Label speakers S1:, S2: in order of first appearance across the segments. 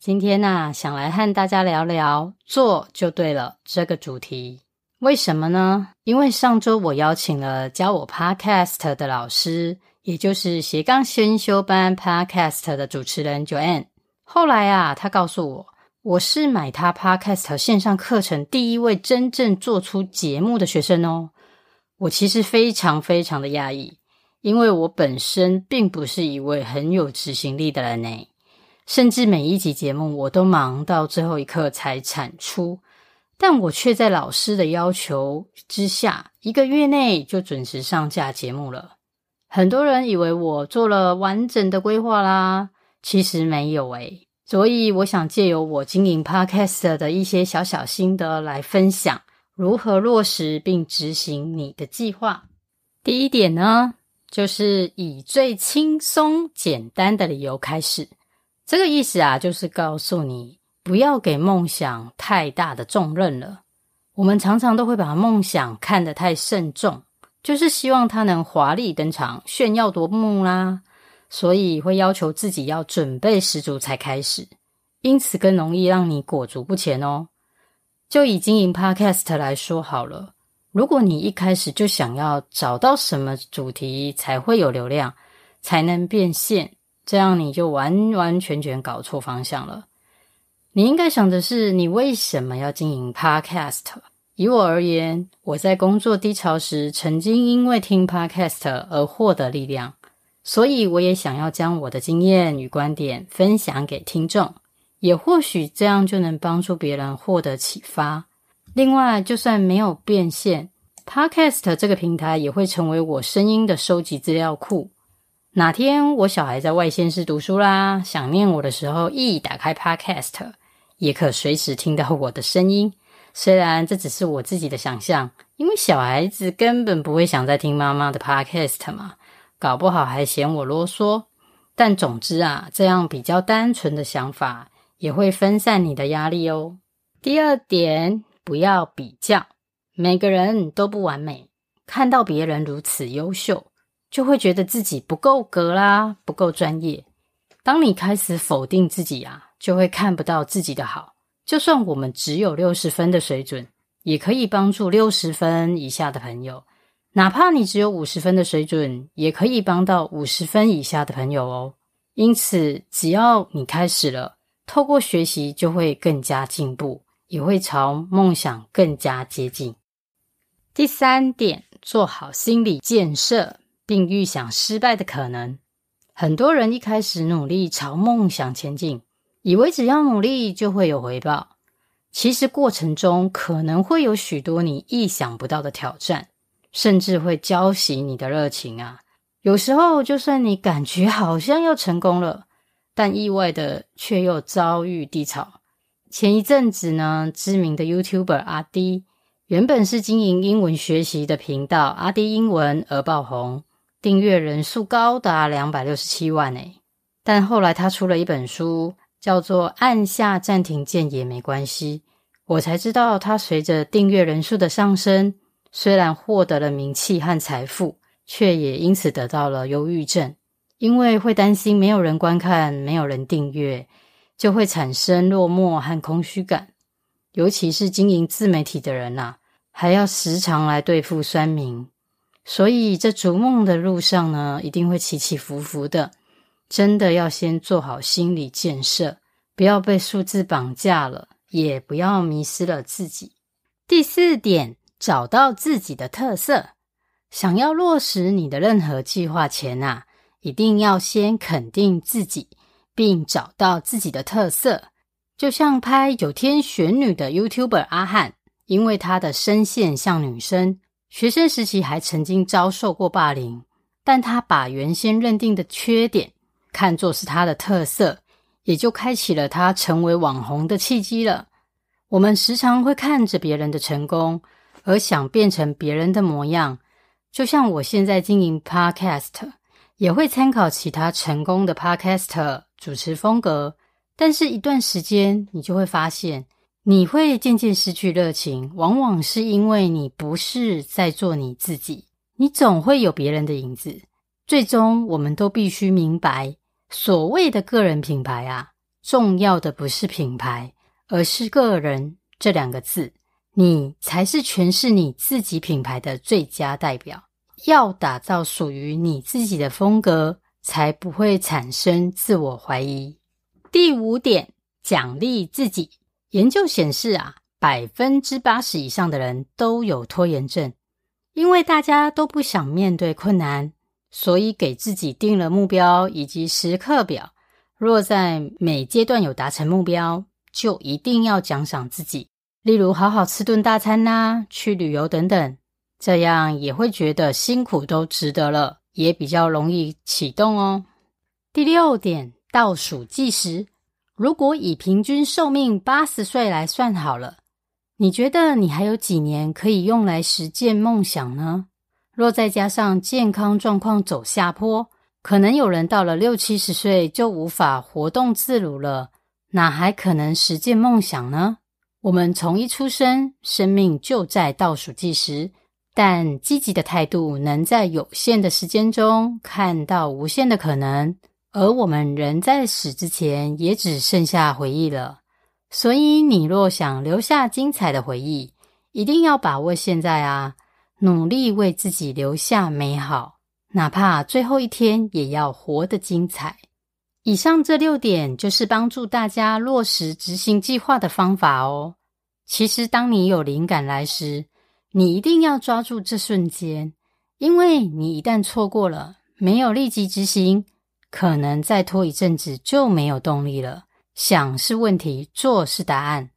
S1: 今天吶、啊，想來和大家聊聊“做就對了”這個主題。為什麼呢？因為上周我邀請了教我 Podcast 的老師，也就是斜槓先修班 Podcast 的主持人 Joanne。後來啊，他告訴我，我是買他 Podcast 線上課程第一位真正做出節目的學生哦。我其實非常非常的訝異，因為我本身並不是一位很有執行力的人呢。甚至每一集節目我都忙到最後一刻才產出，但我卻在老師的要求之下，一個月內就準時上架節目了。很多人以為我做了完整的規劃啦，其實沒有誒、欸，所以我想借由我經營 podcast 的一些小小心得來分享，如何落實並執行你的計劃。第一點呢，就是以最輕鬆簡單的理由開始。這個意思啊，就是告訴你不要給夢想太大的重任了。我們常常都會把夢想看得太慎重，就是希望它能華麗登場、炫耀奪目啦，所以會要求自己要準備十足才開始，因此更容易讓你裹足不前哦。就以經營 Podcast 來說好了，如果你一開始就想要找到什麼主題才會有流量，才能變現。這樣你就完完全全搞錯方向了。你應該想的是，你為什麼要經營 Podcast？以我而言，我在工作低潮時，曾經因為聽 Podcast 而獲得力量，所以我也想要將我的經驗與觀點分享給聽眾，也或許這樣就能幫助別人獲得啟發。另外，就算沒有變現，Podcast 這個平台也會成為我聲音的收集資料庫。哪天我小孩在外縣市讀書啦，想念我的時候，一打開 podcast，也可隨時聽到我的聲音。雖然這只是我自己的想象，因為小孩子根本不會想再聽媽媽的 podcast 嘛，搞不好還嫌我囉嗦。但總之啊，這樣比較單純的想法，也會分散你的壓力哦。第二點，不要比較，每個人都不完美，看到別人如此優秀。就會覺得自己不夠格啦，不夠專業。當你開始否定自己啊，就會看不到自己的好。就算我們只有六十分的水準，也可以幫助六十分以下的朋友。哪怕你只有五十分的水準，也可以幫到五十分以下的朋友哦。因此，只要你開始了，透過學習就會更加進步，也會朝夢想更加接近。第三點，做好心理建設。並預想失敗的可能。很多人一開始努力朝夢想前進，以為只要努力就會有回報。其實過程中可能會有許多你意想不到的挑戰，甚至會澆熄你的熱情啊。有時候就算你感覺好像要成功了，但意外的卻又遭遇低潮。前一陣子呢，知名的 YouTuber 阿滴原本是經營英文學習的頻道阿滴英文而爆紅。訂閱人數高達兩百六十七萬誒，但後來他出了一本書，叫做《按下暫停鍵也沒關係》，我才知道他隨着訂閱人數的上升，雖然獲得了名氣和財富，卻也因此得到了憂鬱症，因為會擔心沒有人觀看、沒有人訂閱，就會產生落寞和空虛感。尤其是經營自媒體的人吶、啊，還要時常來對付酸民。所以，這逐夢的路上呢，一定會起起伏伏的。真的要先做好心理建設，不要被數字綁架了，也不要迷失了自己。第四點，找到自己的特色。想要落實你的任何計劃前啊，一定要先肯定自己，並找到自己的特色。就像拍《九天玄女》的 YouTuber 阿翰，因為她的聲線像女生。學生時期還曾經遭受過霸凌，但他把原先認定的缺點看作是他的特色，也就開啟了他成為網紅的契機了。我們時常會看着別人的成功，而想變成別人的模樣，就像我現在經營 podcast，也會參考其他成功的 podcast 主持風格，但是一段時間你就會發現。你會漸漸失去熱情，往往是因為你不是在做你自己。你總會有別人的影子。最終，我們都必須明白，所謂的個人品牌啊，重要的不是品牌，而是“個人”這兩個字。你才是詮釋你自己品牌的最佳代表。要打造屬於你自己的風格，才不會產生自我懷疑。第五點，獎勵自己。研究顯示啊，百分之八十以上的人都有拖延症，因為大家都不想面對困難，所以給自己定了目標以及時刻表。若在每階段有達成目標，就一定要獎賞自己，例如好好吃頓大餐啊，去旅遊等等，這樣也會覺得辛苦都值得了，也比較容易啟動哦。第六點，倒數計時。如果以平均壽命八十歲來算好了，你覺得你還有幾年可以用來實踐夢想呢？若再加上健康狀況走下坡，可能有人到了六七十歲就無法活動自如了，哪還可能實踐夢想呢？我們從一出生，生命就在倒數計時，但積極的態度能在有限的時間中看到無限的可能。而我們人在死之前也只剩下回憶了，所以你若想留下精彩的回憶，一定要把握現在啊！努力為自己留下美好，哪怕最後一天也要活得精彩。以上這六點就是幫助大家落實執行計劃的方法哦。其實當你有靈感來時，你一定要抓住這瞬間，因為你一旦錯過了，沒有立即執行。可能再拖一陣子就沒有動力了。想是問題，做是答案。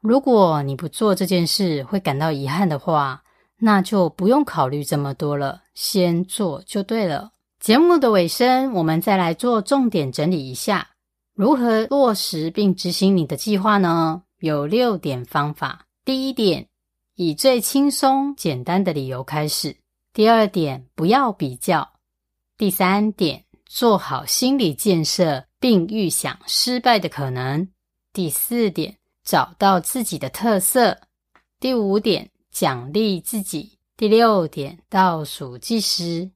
S1: 如果你不做這件事，會感到遺憾的話，那就不用考慮這麼多了，先做就對了。節目的尾聲，我們再來做重點整理一下，如何落實並執行你的計劃呢？有六點方法。第一點，以最輕鬆簡單的理由開始。第二點，不要比較。第三點，做好心理建設，並預想失敗的可能。第四點，找到自己的特色。第五點，獎勵自己。第六點，倒數計時。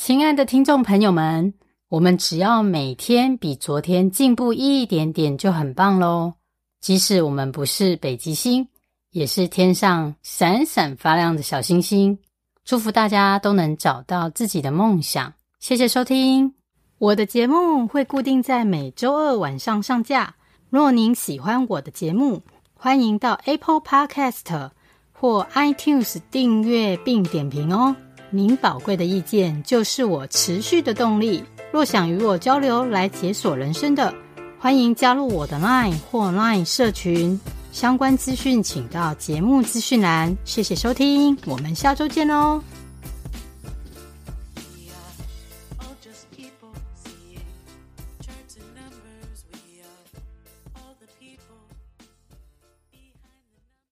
S1: 親愛的聽眾朋友們，我們只要每天比昨天進步一點點，就很棒嘍。即使我們不是北極星，也是天上閃閃發亮的小星星。祝福大家都能找到自己的夢想。謝謝收聽。我的節目會固定在每周二晚上上架。若您喜歡我的節目，歡迎到 Apple Podcast 或 iTunes 訂閱並點評哦。您寶貴的意見就是我持續的動力。若想與我交流來解鎖人生的，歡迎加入我的 Line 或 Line 社群。相關資訊請到節目資訊欄。謝謝收聽，我們下周見哦。